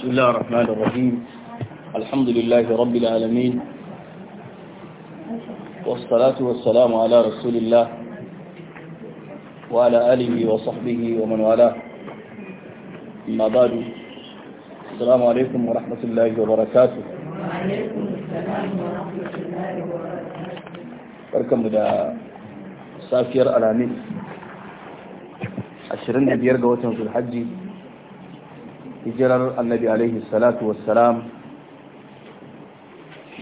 بسم الله الرحمن الرحيم الحمد لله رب العالمين والصلاة والسلام على رسول الله وعلى آله وصحبه ومن والاه أما بعد السلام عليكم ورحمة الله وبركاته وعليكم السلام ورحمة الله وبركاته بركم دا سافير العميل 25 ga في Zulhajji hijirar annabi alaihi salatu wassalam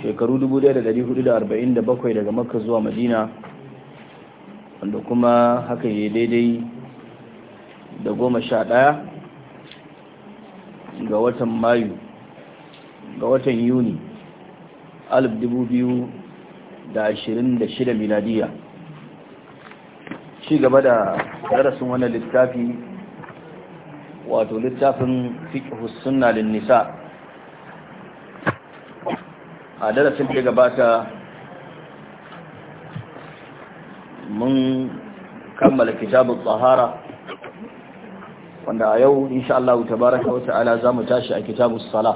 shekaru 1447 daga makka zuwa madina wanda kuma haka yi daidai da goma sha ɗaya ga watan mayu ga watan yuni 2026 miladiya ci gaba da darasin wannan littafi wato littafin fiqhus sunna lin nisa a darasin da gabata mun kammala kitabut tahara wanda a yau insha Allah tabaraka wa ta'ala zamu tashi a kitabus sala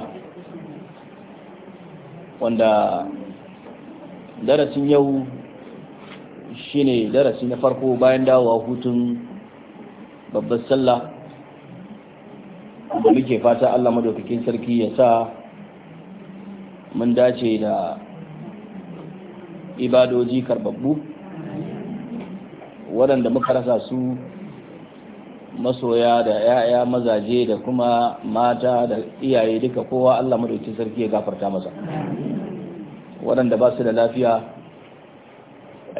wanda darasin yau shine darasi na farko bayan dawowa hutun babbar sallah da muke fata Allah madaukakin sarki ya sa mun dace da ibadoji karbabbu waɗanda muka rasa su masoya da 'ya'ya mazaje da kuma mata da iyaye duka kowa Allah madaukakin sarki ya gafarta masa waɗanda ba su da lafiya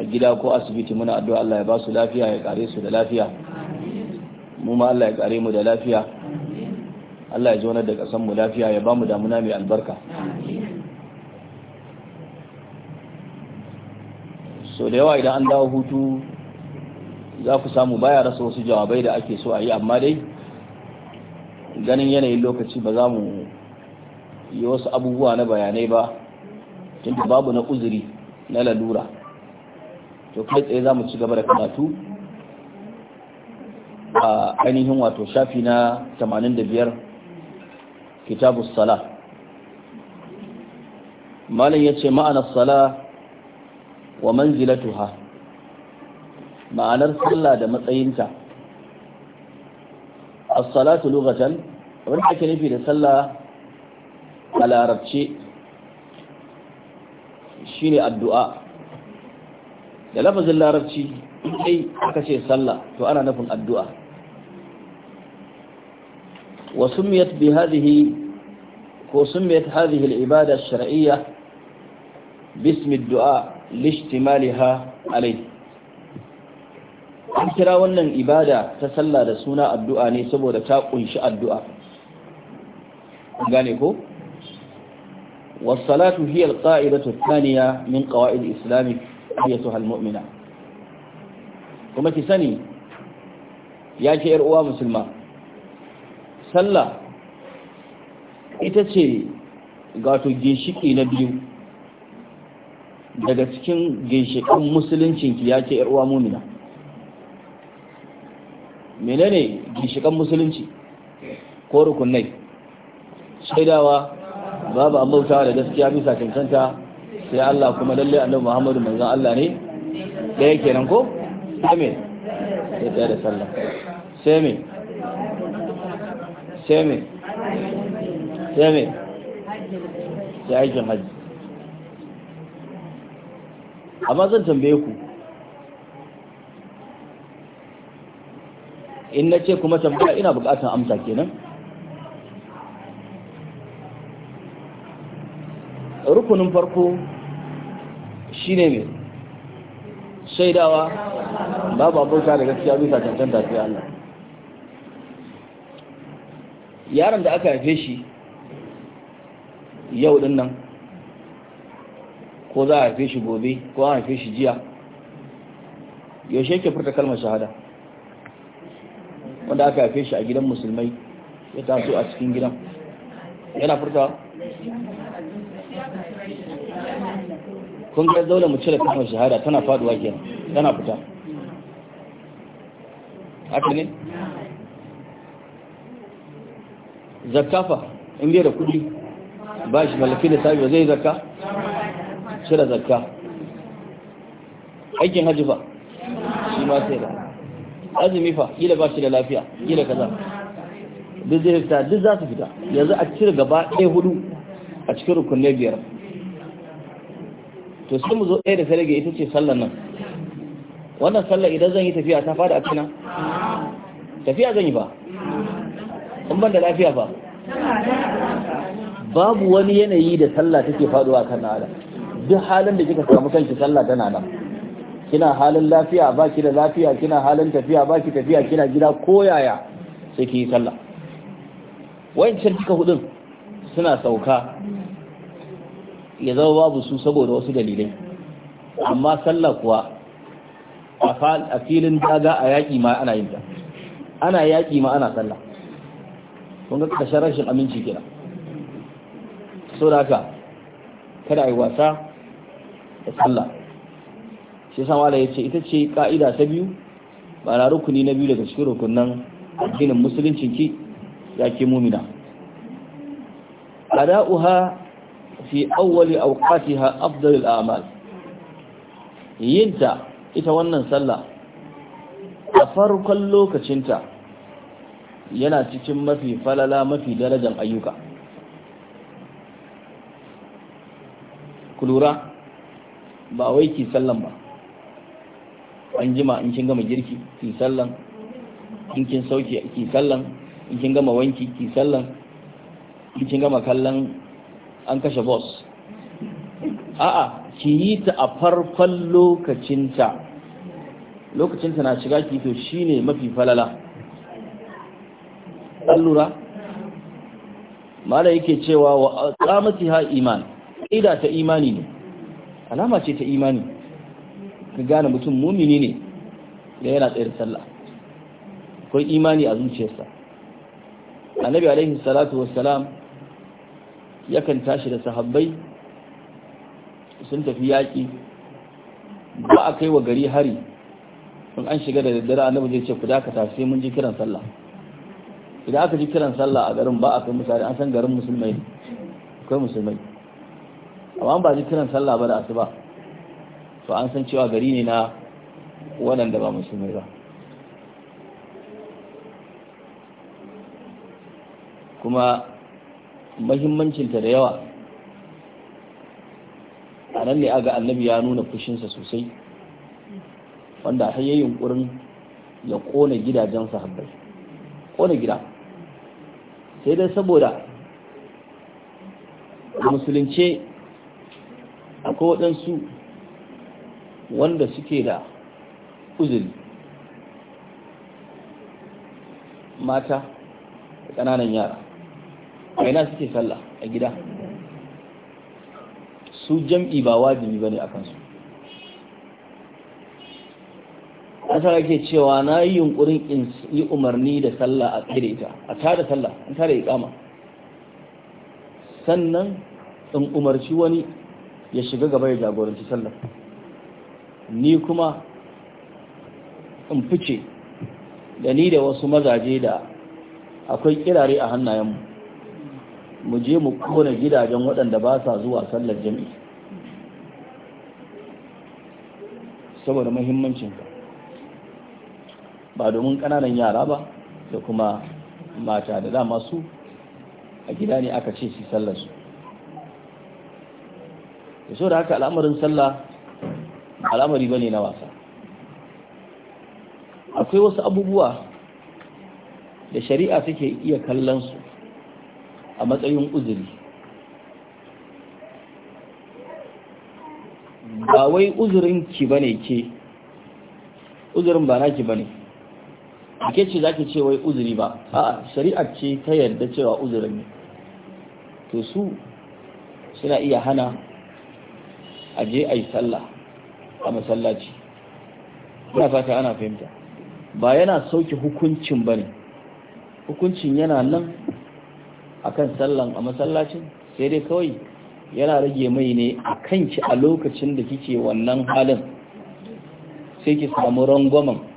a gida ko asibiti muna addu'a Allah ya ba su lafiya ya kare su da lafiya mu ma Allah ya kare mu da lafiya Allah ya zaunar da ƙasar mu lafiya ya ba mu damuna mai albarka so da yawa idan an dawo hutu za ku samu baya rasa wasu jawabai da ake so a yi amma dai ganin yanayin lokaci ba za mu yi wasu abubuwa na bayanai ba tunda babu na uzuri na lalura to kai tsaye za mu ci gaba da karatu a ainihin wato shafi na 85 kitabu sala malam ya ce ma'anar sala wa manzilatuha ma'anar sallah da matsayinta A salatu lughatan wanda ake nufi da sallah a larabce shine addu'a da lafazin larabci dai aka ce sallah to ana nufin addu'a وسميت بهذه وسميت هذه العبادة الشرعية باسم الدعاء لاشتمالها عليه an kira wannan ibada ta sallah da suna addu'a ne saboda ta kunshi addu'a gane ko wasalatu hiya alqa'idatu thaniya min qawa'id islami ayyatuha almu'mina kuma ki sani ya ce yar uwa musulma Salla, ita ce gato ginshiki na biyu daga cikin ginshikan ki ya ce uwa mumina menene ginshikan musulunci ko rukunai shaidawa babu amauta da gaskiya bisa cancanta sai Allah kuma lalle annabi Muhammadu zan Allah ne ɗaya kenan ko sai da sallah sai mai sai me ya yi sai aikin hajji amma zan tambaye ku in na ce kuma tambaya ina bukatan amsa kenan rukunin farko shine mai shaidawa babu abota da gaskiya bisa cancanta sai Allah yaron da aka haife shi yau din nan ko za a haife shi gobe ko a haife shi jiya yaushe ke furta kalmar shahada wanda aka haife shi a gidan musulmai ya taso a cikin gidan yana furta kun kai zaune mu cire kalmar shahada tana faduwa kenan tana fita haka ne zakafa in da kudi ba shi mallaki da sabi zai zakka da zakka aikin hajji fa shi ma sai da azumi fa gida ba shi da lafiya gida kaza duk zai fita duk za su fita yanzu a cire gaba ɗaya hudu a cikin rukunne biyar to sai mu zo ɗaya da sarage ita ce sallar nan wannan sallar idan zan yi tafiya ta fada a cina tafiya zan yi ba Kun ban da lafiya ba babu wani yanayi da sallah take faduwa kan nada duk halin da kika samu kanki sallah tana nan kina halin lafiya ba ki da lafiya kina halin tafiya ba ki tafiya kina gida koyaya sai ki yi sallah wayancan kika hudun suna sauka ya zama babu su saboda wasu dalilai amma sallah kuwa a filin daga a yaƙi ma ana yin ta ana yaƙi ma ana sallah kun ga rashin aminci kira so da haka kada a yi wasa da sallah shi sama da ya ce ita ce ka'ida ta biyu ba na rukuni na biyu daga cikin rukunan addinin musulunci ki ya ke mumina ada'uha fi awwali awqatiha afdalul a'mal yinta ita wannan sallah a farkon lokacinta yana cikin mafi falala mafi darajar ayyuka ku lura ba wai ki sallan ba an jima in kin gama girki ki sallan in kin sauke ki sallan in kin gama wanki ki sallan in kin gama kallon an kashe boss a'a ki yi ta a farkon lokacinta lokacinta na shiga ki to shine mafi falala an lura mala yake cewa wa ha iman ida ta imani ne alama ce ta imani ka gane mutum mumini ne da yana tsayar sallah akwai imani a zuciyarsa annabi alaihi salatu wassalam yakan tashi da sahabbai sun tafi yaƙi ba a kai wa gari hari in an shiga da daddare annabi zai ce ku dakata sai mun ji kiran sallah idan aka ji kiran sallah a garin ba a kai misali an san garin musulmai akwai musulmai amma ba ji kiran sallah ba da asuba to an san cewa gari ne na waɗanda ba musulmai ba kuma mahimmancinta da yawa a nan ne aga annabi ya nuna fushinsa sosai wanda har yi yunkurin ya kona gidajen sahabbai kona gida sai dai saboda musulunce akwai waɗansu wanda suke da uzuri mata da ƙananan yara a ina suke sallah a gida su jam'i ba wajibi ba ne a kansu asa ake cewa na yi yunkurin in yi umarni da sallah a tsere ita a tada sallah in tada iqama sannan in umarci wani ya shiga gaba ya jagoranci sallah ni kuma in fice da ni da wasu mazaje da akwai kirare a hannayenmu mu je mu kona gidajen waɗanda ba sa zuwa sallar jami'i saboda muhimmancinka ba domin ƙananan yara ba da kuma mata da dama su a gida ne aka ce su sallar su da so da haka al'amarin sallah al'amari ba ne na wasa akwai wasu abubuwa da shari'a take iya kallon su a matsayin uzuri ba wai uzurin ki bane ke uzurin ba naki bane ake ce za zaki ce wai uzuri ba a shari'ar ce ta yarda cewa uzurin ne to su suna iya hana a je a yi sallah a masallaci ina fata ana fahimta ba yana sauke hukuncin ba ne hukuncin yana nan a kan sallan a masallacin sai dai kawai yana rage mai ne a kanki a lokacin da kike wannan halin sai ki samu rangwamen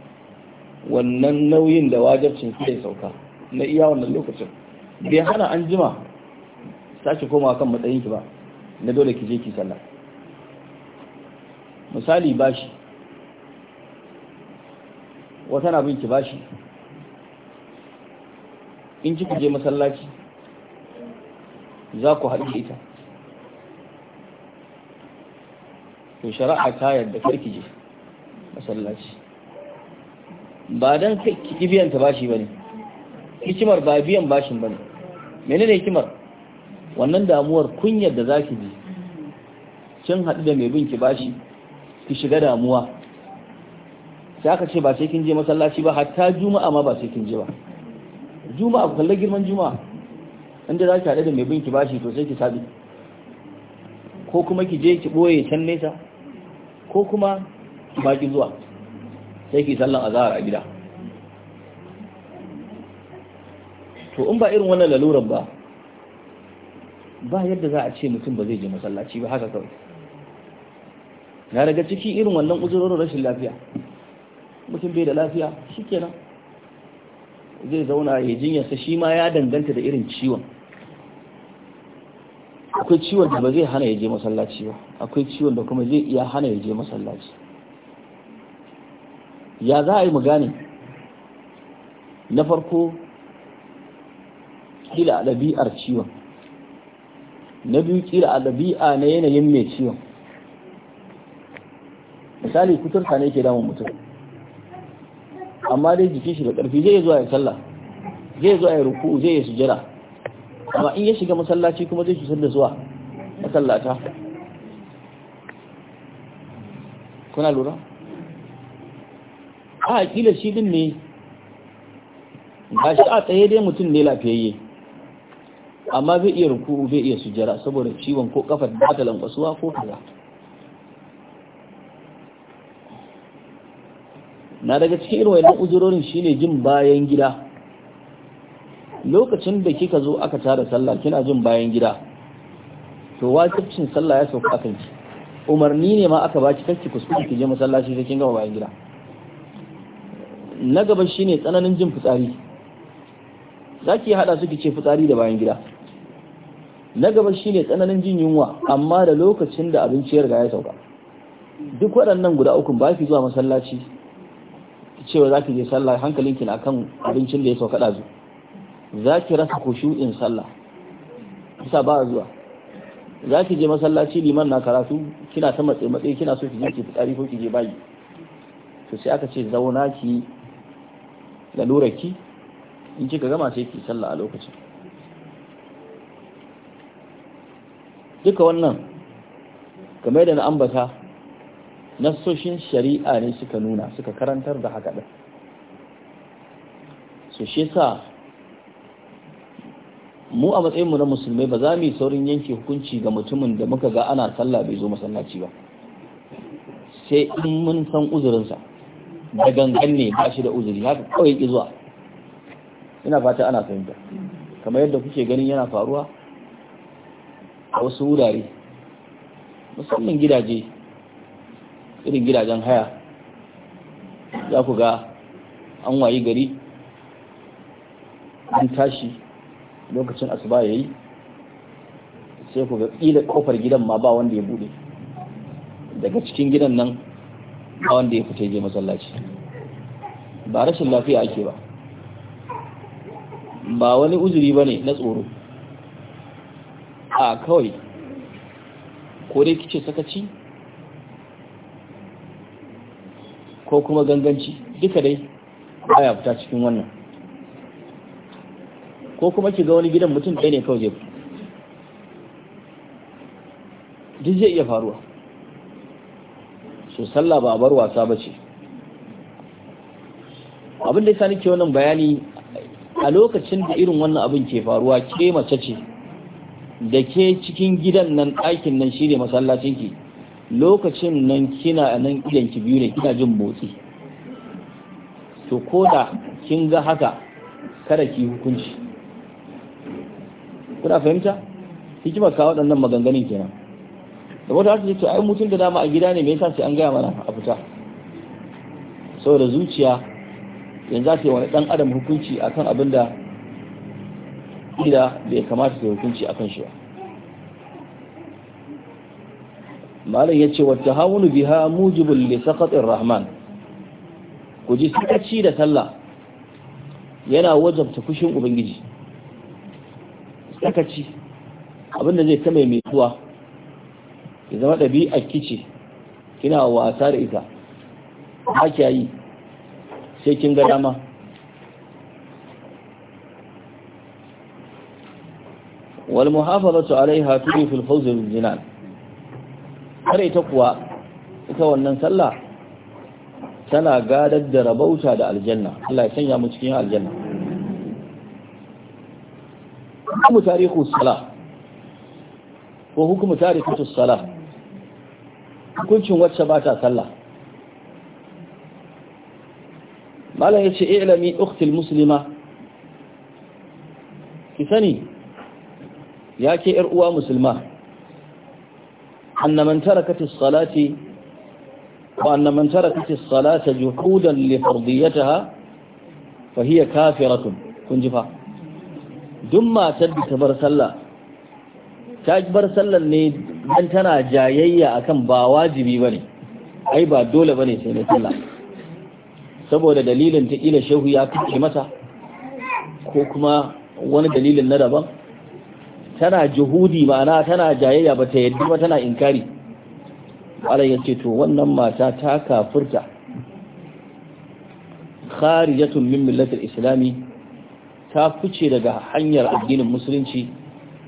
wannan nauyin da wajabcin sai sauka na iya wannan lokacin bai hana an jima sake koma kan matsayinki ba na dole ki je ki sallah misali bashi wata na binki bashi in ku je masallaci za ku haɗu ita to shari'a ta yadda karki je masallaci ba don ki biyan ta bashi bane hikimar ba biyan bashin bane menene hikimar wannan damuwar kunyar da zaki ji kin haɗu da mai bin ki bashi ki shiga damuwa sai aka ce ba sai kin je masallaci ba hatta juma'a ma ba sai kin je ba juma'a ku kalla girman juma'a inda za ki haɗu da mai bin ki bashi to sai ki sabi ko kuma ki je ki ɓoye can nesa ko kuma ba ki zuwa sai ki sallan azhar a gida to in ba irin wannan laluran ba ba yadda za a ce mutum ba zai je masallaci ba haka kawai na daga ciki irin wannan uzurorin rashin lafiya mutum bai da lafiya shikenan zai zauna ya jinyarsa shi ma ya danganta da irin ciwon akwai ciwon da ba zai hana ya je masallaci ba akwai ciwon da kuma zai iya hana ya je masallaci ya za a yi mu gane na farko kila a ɗabi'ar ciwon na biyu kila a ɗabi'a na yanayin mai ciwon misali kuturta ne ke damun mutum amma dai jikin shi da ƙarfi zai zuwa ya sallah zai zuwa ya ruku zai ya sujjara amma in ya shiga masallaci kuma zai cutar da zuwa masallata kuna lura a kila shi din ne ba shi a tsaye dai mutum ne lafiyayye amma zai iya ruku zai iya sujjara saboda ciwon ko kafa da ta lankwasuwa ko kaza na daga cikin irin wannan uzurorin shine jin bayan gida lokacin da kika zo aka tara sallah kina jin bayan gida to wajibcin sallah ya sauka kanki umarni ne ma aka baki kanki kuskure ki je masallaci sai kin gama bayan gida na gaba shine tsananin jin fitsari za ki haɗa su ce fitsari da bayan gida na gaba shine tsananin jin yunwa amma da lokacin da abinci ya riga ya sauka duk waɗannan guda uku ba ki zuwa masallaci ki ce za ki je sallah hankalinki na kan abincin da ya sauka ɗazu za ki rasa kushu'in sallah kusa ba zuwa za ki je masallaci liman na karatu kina ta matse matse kina so ki je ki fitsari ko ki je bayi to sai aka ce zauna ki ki, in kika gama sai ki sallah a lokacin duka wannan game da na ambata nassoshin shari'a ne suka nuna suka karantar da haka ɗin su shi sa mu a matsayinmu na musulmai ba za mu yi saurin yanke hukunci ga mutumin da muka ga ana sallah bai zo masallaci ba sai in mun san uzurinsa da gangan ne ba shi da uzuri haka kawai ki zuwa ina fata ana fahimta kamar yadda kuke ganin yana faruwa a wasu wurare musamman gidaje irin gidajen haya za ku ga an wayi gari an tashi lokacin asuba ya yi sai ku ga ƙila ƙofar gidan ma ba wanda ya bude daga cikin gidan nan a wanda ya fita je masallaci ba rashin lafiya ake ba ba wani uzuri ba ne na tsoro a kawai ko dai kice sakaci ko kuma ganganci duka dai baya fita cikin wannan ko kuma ki ga wani gidan mutum ɗaya ne kawai zai duk zai iya faruwa so sallah ba a bar wasa ba ce abin da ya sani ke wannan bayani a lokacin da irin wannan abin ke faruwa ke mace ce da ke cikin gidan nan ɗakin nan shi masallacin ki lokacin nan kina nan idan ki biyu ne kina jin motsi to ko da kin ga haka kada ki hukunci kuna fahimta hikimar kawo waɗannan maganganin kenan da wata ta ce ai mutum da dama a gida ne me yasa sai an gaya mana a fita saboda zuciya yanzu za wani dan adam hukunci akan abin da ila bai kamata ta hukunci akan shi ba malam yace wa tahawunu biha mujibul li saqatir rahman ku ji sakaci da sallah yana wajabta fushin ubangiji sakaci abinda zai kama mai tuwa ya zama ɗabi'ar kice kina wasa da ita haka yi sai kin ga dama wal muhafazatu alaiha tudi fil fawz bil jinan har ita kuwa ita wannan sallah tana gadar da rabauta da aljanna Allah ya sanya mu cikin aljanna hukumu tarihu salah ko hukumu tarihu salah hukuncin wacce ba ta sallah malam ya ce ilami uktil musulma ki sani ya ke uwa musulma annaman tarakatis salati وأن من تركت الصلاة جحودا لفرضيتها kun jifa. كنجفا دم da ta bar Sallah, ta bar Sallah ne. dan tana jayayya akan ba wajibi ba ne, ai ba dole ba ne sai na sallah saboda dalilin ta ila shehu ya fice mata ko kuma wani dalilin na daban tana juhudi ma'ana tana jayayya ba ta yadda ba tana inkari Allah ya ce to wannan mata ta kafirta kharijatun min millatil islami ta fice daga hanyar addinin musulunci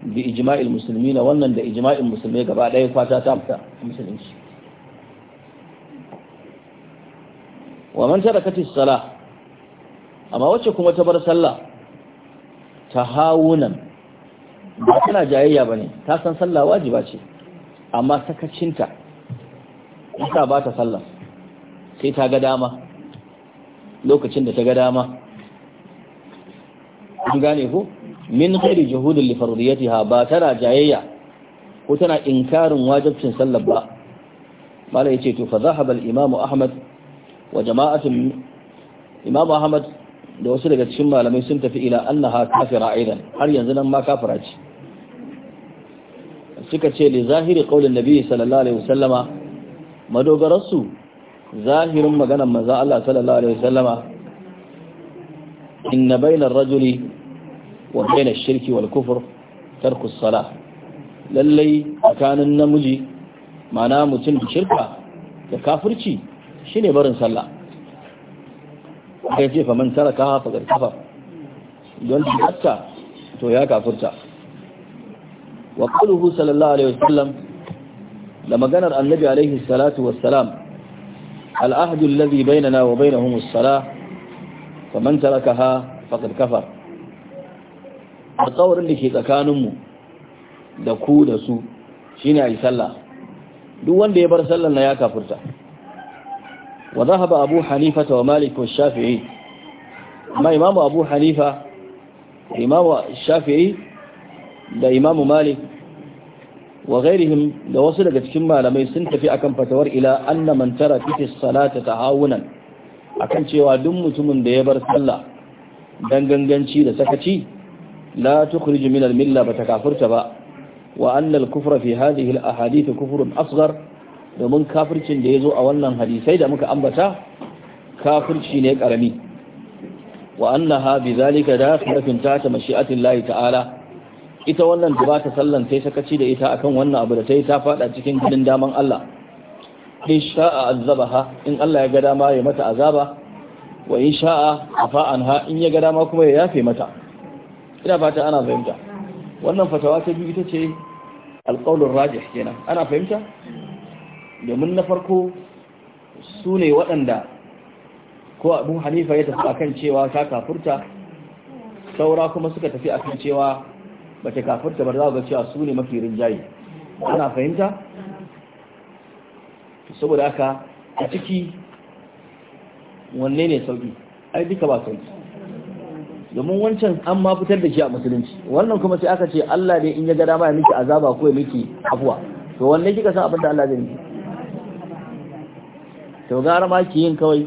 bi ijma'il musulmi na wannan da ijma'in musulmi gaba ɗaya fata ta fita musulunci wa man tarakati sala amma wacce kuma ta bar sallah ta hawunan ba tana jayayya bane ta san sallah wajiba ce amma sakacinta yasa ba ta sallah sai ta ga dama lokacin da ta ga dama an gane ko min ghairi juhudin li fardiyatiha ba tana jayayya ko tana inkarin wajibcin sallar ba malai yace to fa zahaba al-imam ahmad wa jama'atun imam ahmad da wasu daga cikin malamai sun tafi ila annaha kafira aidan har yanzu nan ma kafira ce suka ce li zahiri qaulin nabi sallallahu alaihi wasallama madogararsu zahirin maganar manzo Allah sallallahu alaihi wasallama inna bainar rajuli wa baina shirki wal kufur tarku lallai tsakanin namiji mana mutum da shirka da kafirci shine barin sallah kai ce fa man taraka fa kafa don hatta to ya kafirta wa quluhu sallallahu alaihi wasallam da maganar annabi alaihi salatu wassalam al'ahdu alladhi bainana wa bainahum as-salah alƙawarin da ke tsakaninmu da ku da su shine yi sallah duk wanda ya bar sallar na ya kafurta wa haɓa abu hanifa wa malik shafi'i amma imamu abu hanifa imamu shafi'i da imamu malik wa da wasu daga cikin malamai sun tafi akan fatawar ila anna man tara fi salati tahawunan akan cewa duk mutumin da ya bar sallah dan ganganci da sakaci la tukhriju min al-milla bata kafirta ba wa kufra fi hadhihi a ahadith kufrun asghar domin kafircin da ya zo a wannan hadisai da muka ambata Kafurci ne karami wa annaha bi zalika dakhilatun tahta mashi'ati Allah ta'ala ita wannan da bata sallan sai sakaci da ita akan wannan abu da ta tayi ta fada cikin gidan daman Allah in sha'a azabaha in Allah ya ga dama ya mata azaba wa in sha'a ha, in ya ga dama kuma ya yafe mata ina fata ana fahimta wannan fatawa ta biyu ita ce alƙaunin rajis kenan ana fahimta domin na farko su ne waɗanda ko abu hanifa ya tafi akan cewa ta kafurta saura kuma suka tafi akan cewa ba ta kafurta ba za ga cewa su ne mafi rinjaye ana fahimta saboda aka a ciki wanne ne sauki ai duka ba sauki domin wancan an ma fitar da shi a musulunci wannan kuma sai aka ce Allah ne in ya ga dama ya miki azaba ko ya miki afwa to wanne kika san abin da Allah zai to gara ma ki yin kawai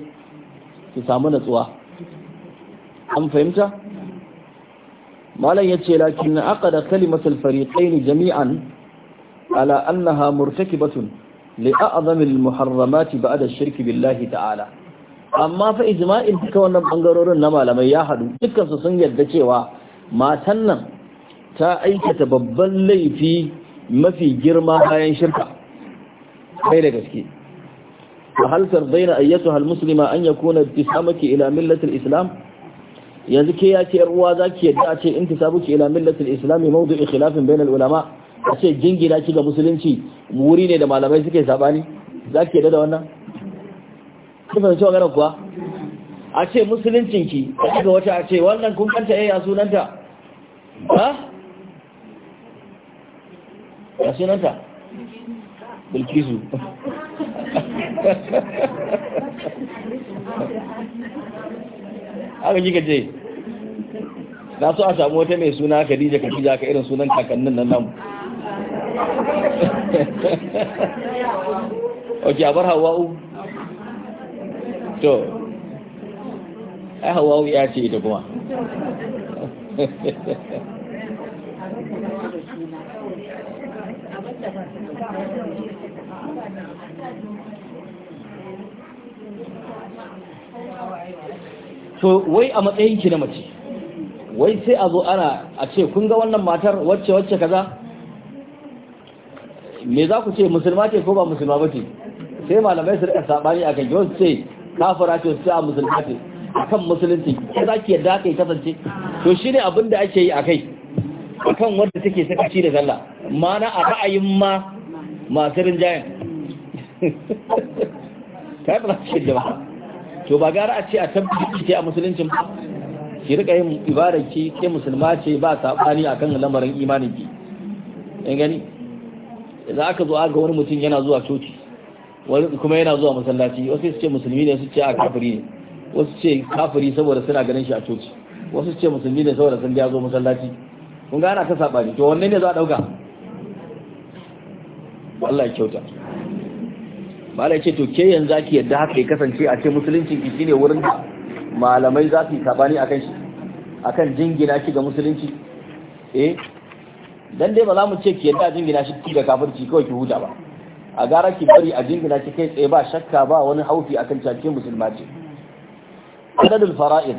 ki samu natsuwa an fahimta malam yace lakin aqada kalimatul fariqain jami'an ala annaha murtakibatun li'a'zamil muharramati ba'da ash-shirki billahi ta'ala amma fa ijma'in duka wannan bangarorin na malamai ya haɗu dukkansu sun yarda cewa matan nan ta aikata babban laifi mafi girma bayan shirka kai da gaske hal tardaina ayyatuha muslima an yakuna ibtisamuki ila millati islam? yanzu ke ya ce yar uwa zaki yadda a ce intisabuki ila millati islam mawdu'i khilafin bainal ulama a ce jingina ki ga musulunci wuri ne da malamai suke sabani zaki yadda da wannan kuma ce magana kuwa a ce musuluncinki a cika wata a ce wannan kun kanta eh, ya sunanta ha? ya sunanta bilkisu haka kika je? na so a samu wata mai suna khadija dija ka irin sunan kakannin nan namu ok a bar hawa'u to ai hawa ya ce ita kuma to wai a matsayin ki na mace wai sai a zo ana a ce kun ga wannan matar wacce wacce kaza me za ku ce musulma ce ko ba musulma ba ce sai malamai su rika sabani kan yau sai kafara ce su a musulmatin a kan musulunci ya za ki yadda aka yi kasance to shi ne abin da ake yi a kai a kan wadda take sakaci da sallah mana a ra'ayin ma masu rinjayen ta yi ce da ba to ba gara a ce a tabbaci ce a musuluncin ba ki rika yin ibarar ki ke musulma ce ba saɓani akan lamarin imanin ki in gani za aka zo aga wani mutum yana zuwa coci kuma yana zuwa masallaci wasu su ce musulmi ne su ce a kafiri ne wasu ce kafiri saboda suna ganin shi a coci wasu ce musulmi ne saboda sun ya zo masallaci kun ga ana ta ne to wanne ne za a dauka Allah ya kyauta malai ce to ke yanzu zaki yadda haka ya kasance a ce musulunci ki shine wurin malamai za su yi sabani akan shi akan jingina shi ga musulunci eh dan dai ba za mu ce ki yadda jingina shi ga kafirci kawai ki huta ba a gara ki bari a jingina ki kai tsaye ba shakka ba wani haufi akan cake musulma ce adadul fara'id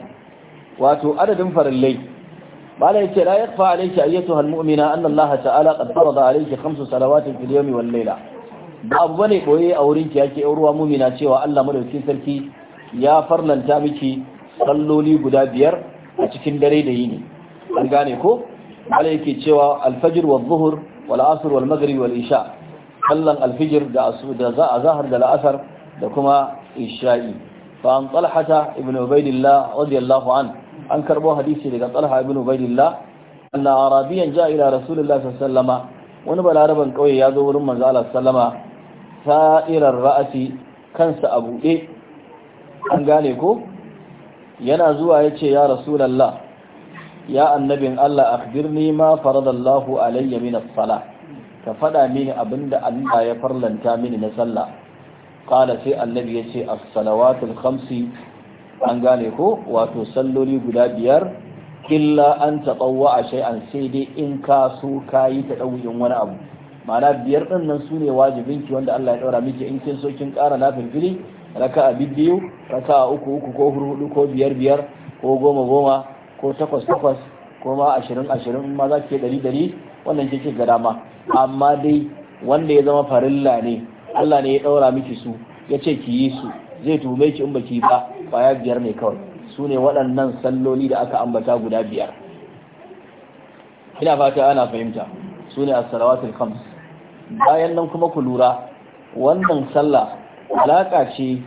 wato adadin farillai bala yace la yakfa alayki ayyatu almu'mina anna Allah ta'ala qad farada alayki khamsu salawatin fil yawmi wal layla ba abu bane boye a wurin ki yake ruwa mu'mina cewa Allah madaukakin sarki ya farlanta miki salloli guda biyar a cikin dare da yini an gane ko bala yake cewa al-fajr wal-dhuhr wal-asr wal-maghrib wal-isha sallan alfijir da da zahar da la'asar da kuma isha'i fa an talhata ibn ubaidillah radiyallahu an an karbo hadisi daga talha ibn ubaidillah anna arabiyan ja ila rasulullah sallallahu wani balaraban kauye ya zo wurin manzo Allah sallama sa'irar ra'asi kansa a buɗe an gane ko yana zuwa yace ya rasulullah ya annabin Allah akhbirni ma faradallahu alayya min as-salah ka faɗa mini abinda Allah ya farlanta mini na sallah qala sai annabi ya ce as-salawatul khamsi an gane ko wato salloli guda biyar illa an tatawwa a shay'an sai dai in ka so ka yi ta dauyin wani abu ma'ana biyar din nan sune wajibinki wanda Allah ya daura miki in kin so kin ƙara lafin fili raka'a biyu a uku uku ko hudu ko biyar biyar ko goma goma ko takwas takwas ko ma ashirin ashirin ma za ɗari ɗari wannan kike ga dama amma dai wanda ya zama farilla ne Allah ne ya ɗaura miki su ya ce ki yi su zai tume ki in baki ba kwaya biyar ne kawai su ne waɗannan salloli da aka ambata guda biyar ina fata ana fahimta su ne as-salawatul khams bayan nan kuma ku lura wannan sallah alaƙa ce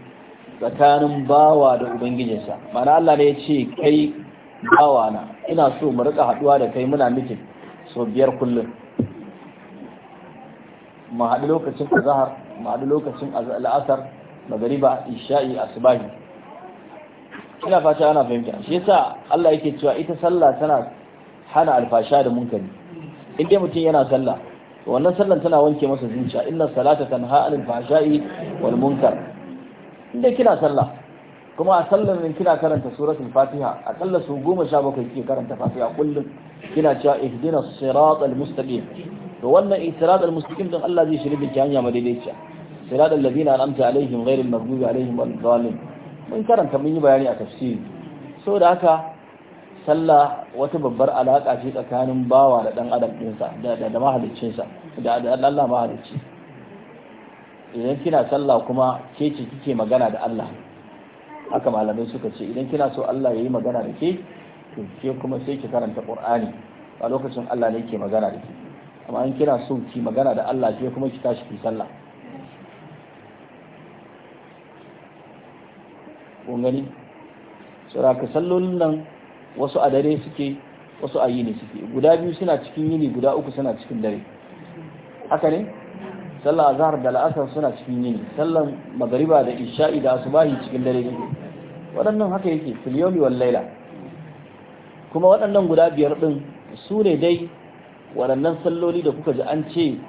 tsakanin bawa da ubangijinsa mana Allah ne ya ce kai bawa na ina so mu rika haɗuwa da kai muna mitin sau biyar kullum mu haɗu lokacin azahar mu haɗu lokacin la'asar magariba isha'i asbahi ina fata ana fahimta shi yasa Allah yake cewa ita sallah tana hana alfasha da munkari in dai mutum yana sallah wannan sallan tana wanke masa zuciya inna salata tanha anil fahsha'i wal munkar inda kina sallah kuma a sallan nan kina karanta suratul fatiha a sallar su goma sha bakwai kike karanta fatiha kullum kina cewa ihdinas siratal mustaqim to wannan itiradar musulmin din Allah zai shirye da hanya madaidaiciya siradar ladina an'amta alaihim ghairil maghdubi alaihim waladdallin mun karanta mun yi bayani a tafsiri da haka sallah wata babbar alaka ce tsakanin bawa da dan adam ɗinsa da da mahaliccinsa da da Allah mahalicci idan kina sallah kuma ke ce kike magana da Allah haka malamai suka ce idan kina so Allah ya yi magana da ke to ke kuma sai ki karanta Qur'ani a lokacin Allah ne ke magana da ke amma in kina so ki magana da Allah ke kuma ki tashi ki sallah kun gani saboda sallolin nan wasu a dare suke wasu a yini suke guda biyu suna cikin yini guda uku suna cikin dare haka ne sallah azhar da la'asar suna cikin yini sallan magariba da isha'i da asubahi cikin dare ne waɗannan haka yake fil yawmi wal laila kuma waɗannan guda biyar din su ne dai waɗannan salloli da kuka ji an ce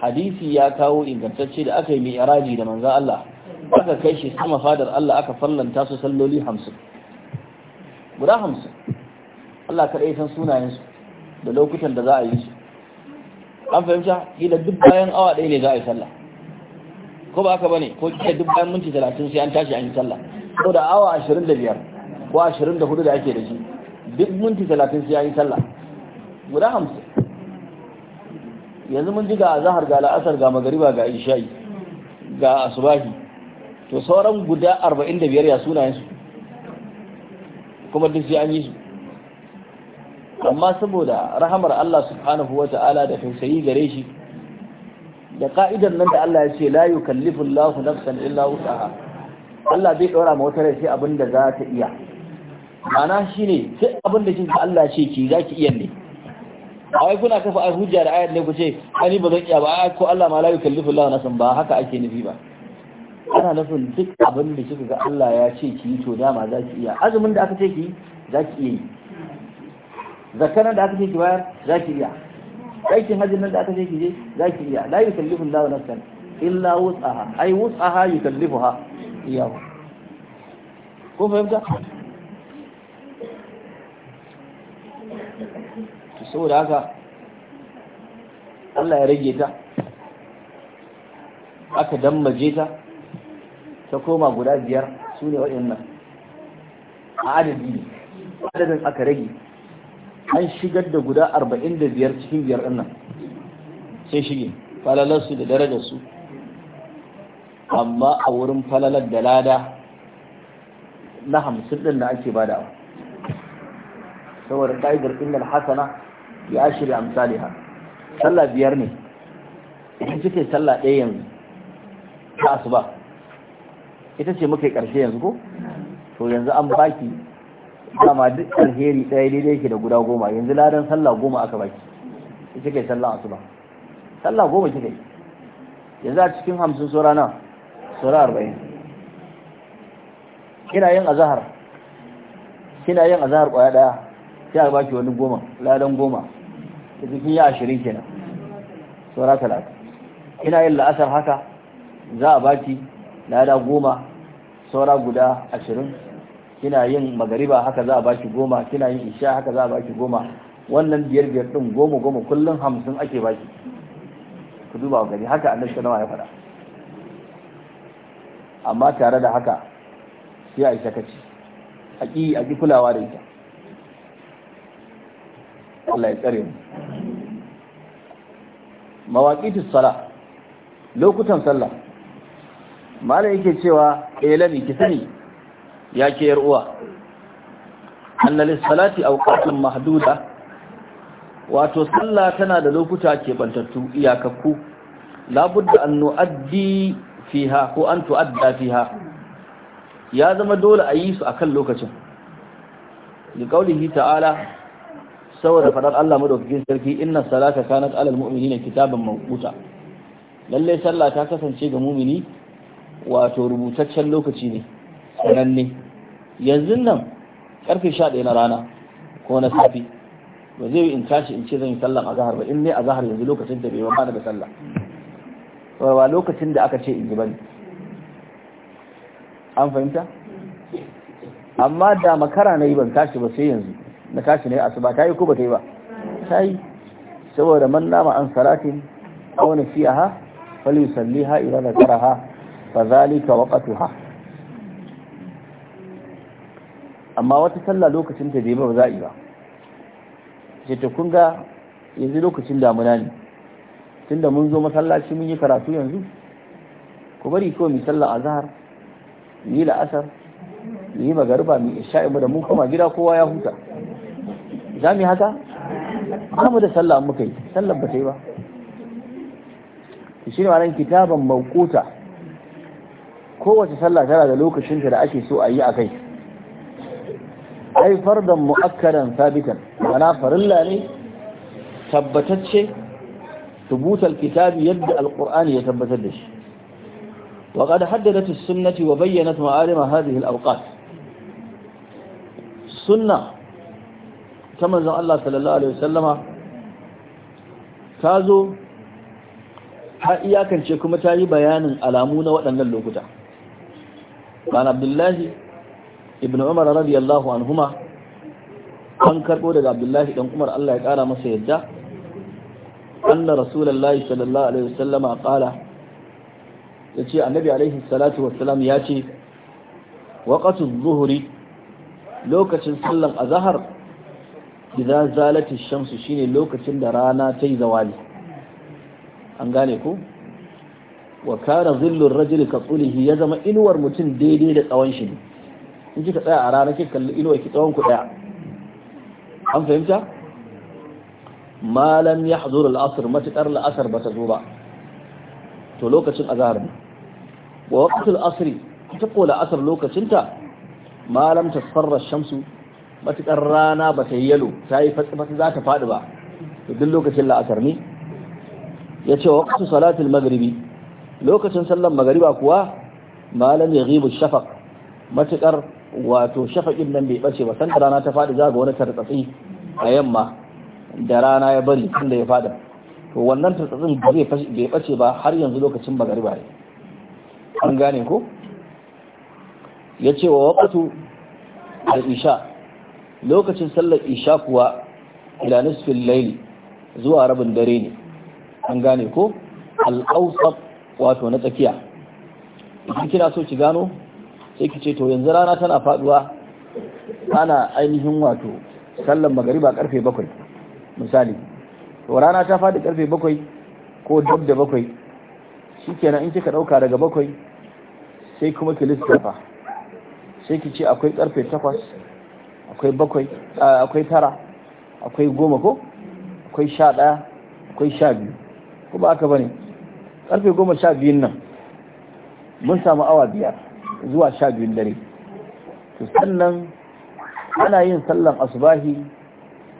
hadisi ya kawo ingantacce da aka yi mai iraji da manza Allah aka kai shi sama fadar Allah aka fallanta su salloli hamsin guda hamsin Allah kaɗai san sunayensu da lokutan da za a yi su an fahimta gina duk bayan awa ɗaya ne za a yi sallah ko ba aka bane ko kila duk bayan minti talatin sai an tashi an yi sallah ko da awa ashirin da biyar ko ashirin da hudu da ake da shi duk minti talatin sai an yi sallah guda hamsin yanzu mun ji ga azahar ga la'asar ga magariba ga isha'i ga asubahi to sauran guda 45 ya sunayen su kuma duk sai an yi su amma saboda rahamar Allah subhanahu wa ta'ala da tausayi gare shi da ka'idar nan da Allah ya ce la yukallifu Allahu nafsan illa wus'aha Allah bai ɗora ma wata rai sai abin da za ta iya ma'ana shine sai abinda da shi Allah ce ki zaki iya ne a wai kuna kafa ai hujja da ayat ne ku ce ani ba zan iya ba ko Allah ma la yukallifu Allah nafsan ba haka ake nufi ba ana nufin duk abin da kika ga Allah ya ce ki yi to dama za ki iya azumin da aka ce ki za ki iya yi zakana da aka ce ki bayar za ki iya aikin hajji nan da aka ce ki je za ki iya la yukallifu Allah nafsan illa wus'aha ai wus'aha yukallifuha iyahu ko fahimta saboda haka Allah ya rage ta aka dammaje ta ta koma guda biyar su ne waɗannan a adadi adadin aka rage an shigar da guda arba'in da biyar cikin biyar ɗannan. sai shige falalarsu da darajarsu amma a wurin falalar da lada na hamsin ɗin da ake awa. saboda ƙa'idar inda hasana a misali ha. sallah biyar ne idan kike sallah ɗaya yanzu ta asuba ita ce muke ƙarshe yanzu ko to yanzu an baki dama duk alheri ɗaya daidai yake da guda goma yanzu ladan sallah goma aka baki ita kai sallah asuba sallah goma kika yi yanzu a cikin hamsin sura na sura arba'in kina yin azahar kina yin azahar ƙwaya ɗaya sai a baki wani goma ladan goma da cikin ya ashirin kenan saura talata ina yin la'asar haka za a baki lada goma saura guda ashirin kina yin magariba haka za a baki goma kina yin isha haka za a baki goma wannan biyar biyar din goma goma kullum hamsin ake baki ku duba gari haka annabi sallama ya faɗa amma tare da haka sai a yi sakaci a ƙi kulawa da ita Allah ya tsare mu mawaqitus sala lokutan sallah malam yake cewa elami eh, ki sani ya ke yar uwa anna lis-salati awqatun mahduda wato sallah tana da lokuta ke bantattu iyakakku labudda an nu'addi fiha ko an tu'adda fiha ya zama dole a yi su akan lokacin li qawlihi ta'ala saboda faɗar Allah madaukakin sarki inna salata kanat alal mu'minina kitaban mawquta lalle sallah ta kasance ga mumini wato rubutaccen lokaci ne sananne yanzu nan karfe 11 na rana ko na safi ba zai in tashi in ce zan yi Sallah a zahar ba in ne zahar yanzu lokacin da bai ba daga sallah ba lokacin da aka ce in ji bane an fahimta amma da makara na yi ban tashi ba sai yanzu na tashi ne asuba ta yi ko ba ta yi ba ta yi saboda man nama an salatin tsara ha ba idza wa ƙatu ha amma wata sallah lokacin ta zai ba za a yi ba ce ta kun ga yanzu lokacin damuna ne tunda mun zo masallaci mun yi karatu yanzu ku bari ko sallah a zahar mu yi la'asar mu yi magariba mi isha'i da mun koma gida kowa ya huta za mu yi haka ba da sallah muka yi sallah ba ta yi ba shi ne wannan kitaban mawquta kowace sallah tana da lokacin da ake so a yi a kai ai fardan mu'akkaran sabitan mana farilla ne tabbatacce tubutal kitabi yadda alqur'ani ya tabbatar da shi wa qad haddadat as-sunnah wa bayyanat ma'alim hadhihi al-awqat sunnah ta manzon Allah sallallahu alaihi wasallama ta zo ta iyakance kuma ta yi bayanin alamu na waɗannan lokuta ban abdullahi ibn umar radiyallahu anhuma an karɓo daga abdullahi dan umar Allah ya ƙara masa yadda anna rasulullahi sallallahu alaihi wasallama ya ce annabi alaihi salatu ya ce, waqatu zuhuri lokacin sallan azhar idza zalati shamsu shine lokacin da rana ta yi zawali an gane ku? wa kana zillu ar-rajuli ka qulihi ya zama inuwar mutum daidai da tsawon shi ne in kika tsaya a rana kika kalli inuwar ki tsawon ku daya an fahimta ma lam yahzur al-asr matakar al-asr bata zo ba to lokacin azhar ne wa waqtul asri ta kola asr lokacinta ma lam tasfarra shamsu matukar rana ba ta yi yalo ta yi fatsi za ta faɗi ba duk lokacin la'asar ne ya ce wa kasu salatul magribi lokacin sallan magariba kuwa malam ya ghibu shafaq matukar wato shafaqin nan bai bace ba sanda rana ta faɗi za ga wani tartsatsi a yamma da rana ya bari sanda ya faɗi to wannan tartsatsin bai bace ba har yanzu lokacin magariba ne an gane ko ya ce wa waƙatu da isha lokacin sallar isha kuwa ila nisfin laili zuwa rabin dare ne an gane ko al'ausar wato na tsakiya idan kina so ki gano sai ki ce to yanzu rana tana faduwa ana ainihin wato sallar magariba karfe bakwai misali to rana ta faɗi karfe bakwai ko dab da bakwai shikenan in kika ɗauka daga bakwai sai kuma ki lissafa sai ki ce akwai karfe takwas akwai bakwai akwai tara akwai goma ko akwai sha ɗaya akwai sha biyu ko ba aka bane karfe goma sha biyun nan mun samu awa biyar zuwa sha biyun dare to sannan ana yin sallan asubahi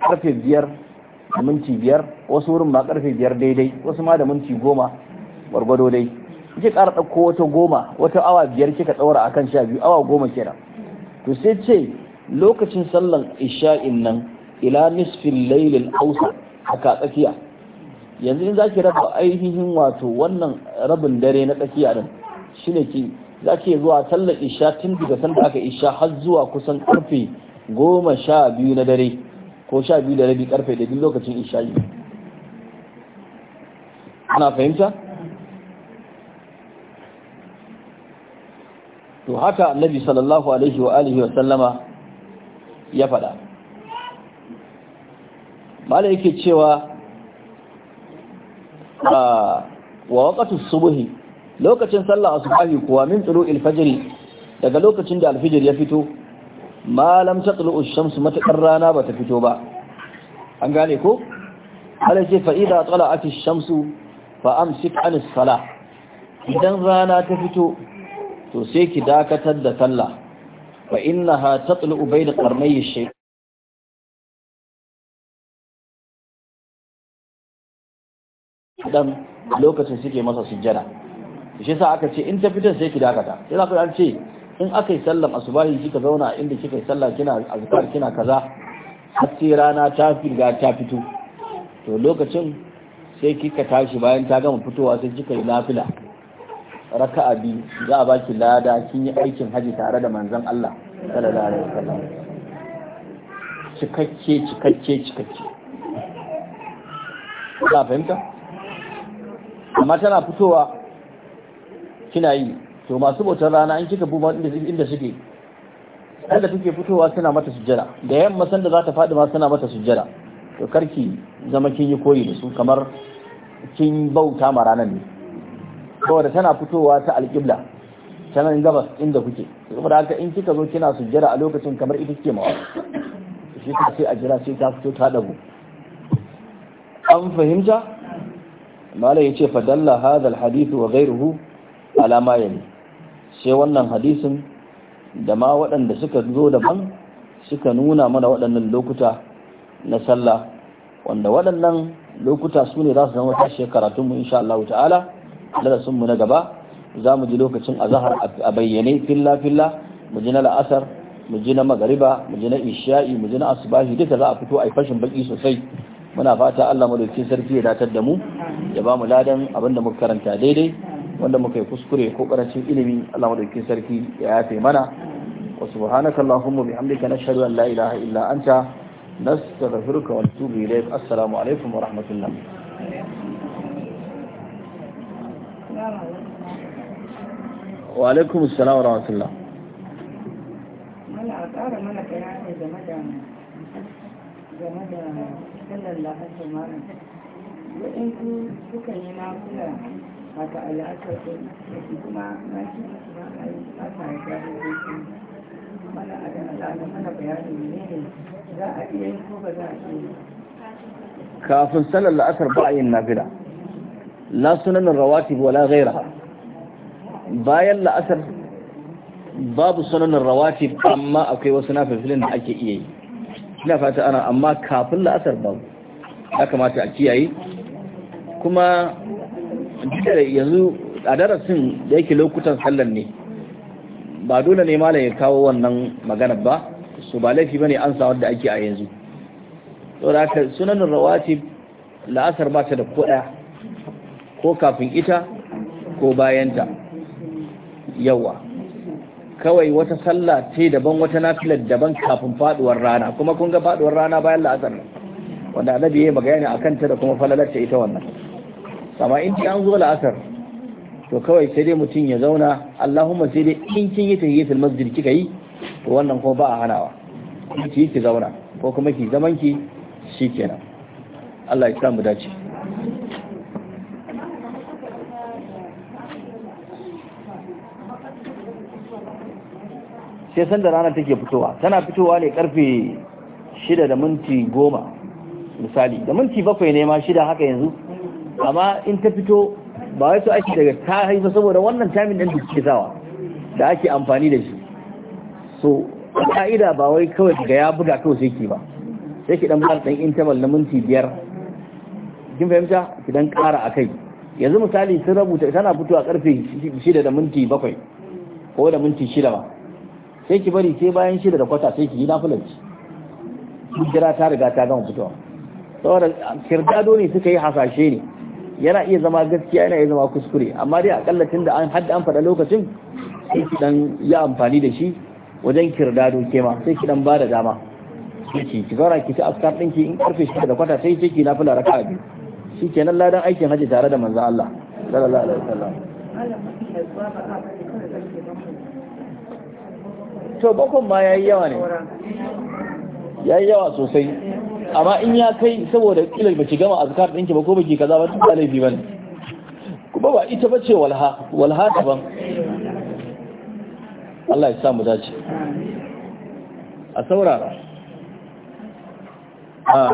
karfe biyar da minti biyar wasu wurin ma karfe biyar daidai wasu ma da minti goma gwargwado dai kike ƙara ɗauko wata goma wata awa biyar kika ɗaura akan sha biyu awa goma kenan to sai ce lokacin sallan isha'in nan ila nisfin lailin hausa haka tsakiya yanzu in ki raba ainihin wato wannan rabin dare na tsakiya din shine ki ki zuwa sallan isha tun daga sanda aka isha har zuwa kusan karfe goma sha biyu na dare ko sha biyu da rabi karfe da duk lokacin isha yi ana fahimta to haka annabi sallallahu alaihi wa alihi wa sallama ya faɗa mala yake cewa wa waqatu subhi lokacin sallah asubahi kuwa min tulu'il ilfajiri daga lokacin da alfijir ya fito malam taqlu ash-shams matakar rana bata fito ba an gane ko ala ce fa'ida idza tala'at ash-shams fa amsik an idan rana ta fito to sai ki dakatar da sallah fa innaha tatlu'u bayna qarnayyi shaytan dan lokacin suke masa sujjada shi sa aka ce in ta fitar sai ki dakata sai za ku an ce in aka yi sallan asubahi kika zauna inda kika yi sallah kina azkar kina kaza har sai rana ta fita ta fito to lokacin sai kika tashi bayan ta gama fitowa sai kika yi nafila raka'a biyu za a baki lada kin yi aikin haji tare da manzon Allah sallallahu alaihi wasallam cikakke cikakke cikakke ka fahimta amma tana fitowa kina yi to masu bautar rana an kika buma inda suke sanda suke fitowa suna mata sujjada da yamma sanda za ta faɗi ma suna mata sujjada to karki zama kin yi koyi da su kamar kin bauta ma ranar ne saboda tana fitowa ta alƙibla canan gabas inda kuke saboda haka in kika zo kina sujjada a lokacin kamar ita kike mawa shi ta sai a jira sai ta fito ta dago an fahimta malai yace fa dalla hadha al hadith wa ghayruhu ala ma yali sai wannan hadisin da ma waɗanda suka zo daban suka nuna mana waɗannan lokuta na sallah wanda waɗannan lokuta su ne za su zama tashi karatunmu insha Allah ta'ala darasinmu na gaba za mu ji lokacin azahar a bayyane filla filla mu ji na la'asar mu ji na magariba mu ji na isha'i mu ji na asubahi duka za a fito a fashin baki sosai muna fata Allah madaukakin sarki ya datar da mu ya ba mu ladan abinda muka karanta daidai wanda muka yi kuskure ko karancin ilimi Allah madaukakin sarki ya yafe mana wa subhanaka allahumma bihamdika nashhadu an la ilaha illa anta nastaghfiruka wa natubu ilayk assalamu alaikum wa rahmatullah وعليكم السلام ورحمة الله كافر سلل لأثر بعي النافلة لا سنن الرواتب ولا غيرها bayan la'asar babu sunanin rawati amma akwai wasu nafafilin da ake iya yi ina fata ana amma kafin la'asar babu ya kamata a kiyaye kuma yanzu a darasin da yake lokutan sallar ne ba dole ne malam ya kawo wannan magana ba su ba laifi bane an sa wanda ake a yanzu da sunan sunanin rawatib la'asar ba ta da koda ko kafin ita ko bayanta yawa kawai wata sallah ce daban wata nafilar daban kafin faduwar rana kuma kun ga faduwar rana bayan la'asar wanda annabi ya yi magana akan ta da kuma falalarta ita wannan amma in an zo la'asar to kawai sai dai mutum ya zauna Allahumma sai dai in kin yi tahiyatul masjid kika yi to wannan kuma ba a hanawa ki ki zauna ko kuma ki zaman ki shikenan Allah ya sa mu dace sai sanda rana take fitowa tana fitowa ne karfe shida da minti goma misali da minti bakwai ne ma shida haka yanzu amma in ta fito ba wai su ake daga ta haifa saboda wannan tamin ɗin da suke sawa da ake amfani da shi so ka'ida ba wai kawai daga ya buga kawai sai ke ba sai ki dan bar dan interval na minti biyar kin fahimta ki dan ƙara akai yanzu misali sun rubuta tana fitowa karfe shida da minti bakwai ko da minti shida ba sai ki bari sai bayan shida da kwata sai ki yi nafilanci ki hijira ta riga ta gama fitowa saboda kirdado ne suka yi hasashe ne yana iya zama gaskiya yana iya zama kuskure amma dai akalla tun da an hadda an faɗa lokacin sai ki dan yi amfani da shi wajen kirdado ma sai ki dan ba da dama sai ki gora ki ci askar ɗinki in karfe shida da kwata sai ki na fula raka'a biyu shi kenan ladan aikin hajji tare da manzon Allah sallallahu alaihi wasallam to bakon ma yayi yawa ne yayi yawa sosai amma in ya kai saboda kila baki gama azkar dinki ba ko baki kaza ba duk laifi bane kuma ba ita bace walha walha daban Allah ya sa mu dace a saurara ah.